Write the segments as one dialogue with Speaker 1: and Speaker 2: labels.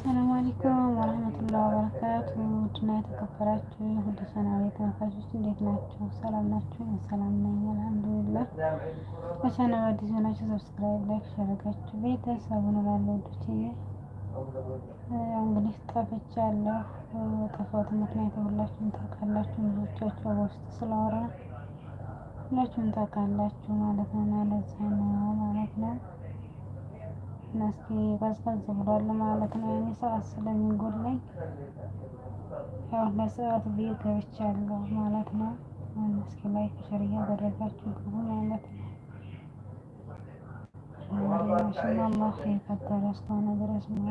Speaker 1: አሰላሙ አለይኩም ወረህመቱላሂ ወበረካቱ ውድና የተከበራችሁ የሁድ ቻናል ተመልካቾች እንዴት ናችሁ? ሰላም ናችሁ? ሰላም ነኝ አልሐምዱሊላህ። በቻናል አዲስ ሆናችሁ ሰብስክራይብ፣ ላይክ ያደረጋችሁ ቤተሰብ እንላለን። ውዶችዬ እንግዲህ ጠፍቻለሁ። ጠፋሁት ምክንያት ሁላችሁም ታውቃላችሁ። ብዙዎቻችሁ በውስጥ ስለወራ ሁላችሁም ታውቃላችሁ ማለት ነው። ለዛ ነው ማለት ነው ናስኪ ቀዝቀዝ ብሏል ማለት ነው። ያኔ ሰዓት ስለሚጎድለኝ ያው ለሰዓት ብዬ ገብቻለሁ ማለት ነው። ናስኪ ላይ ሸር እያደረጋችሁ ግቡ ማለት ነው። ኢንሻአላህ የቀጠረ እስከሆነ ድረስ ሆነ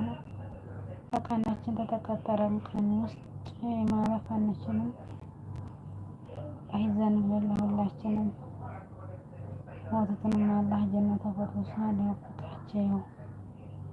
Speaker 1: በቀናችን ተተቀጠረ ቀን ውስጥ ማረፍ አንችልም። አይዘን ሁላችንም ሞትትንም አላህ ጀነት ፈጥሮስና ሊያውቁታቸው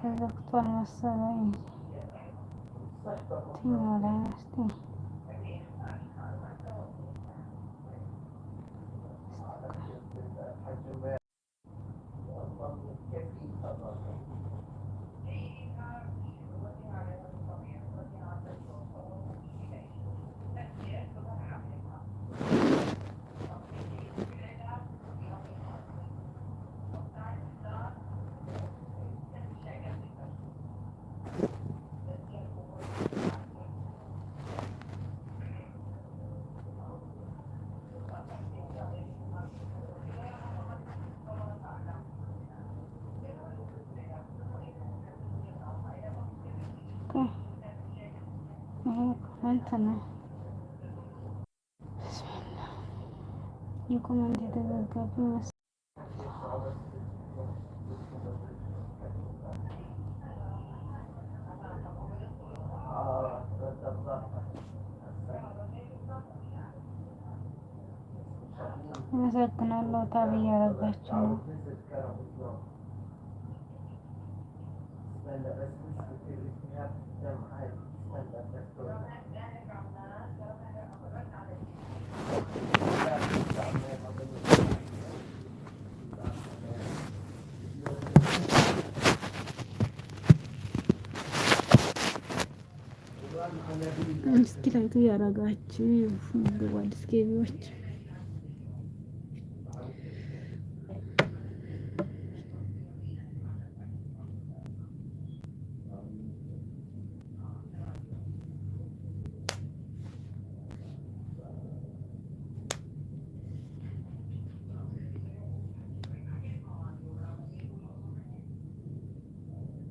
Speaker 1: ተዘግቷል መሰለኝ። የትኛው ላይ ነው? የኮመንት የተዘጋቢ አመሰግናለሁ። ታብ እያረጋችሁ ነው። እስኪ ላይክ ያረጋችሁ ምግብ አዲስ ገቢዎች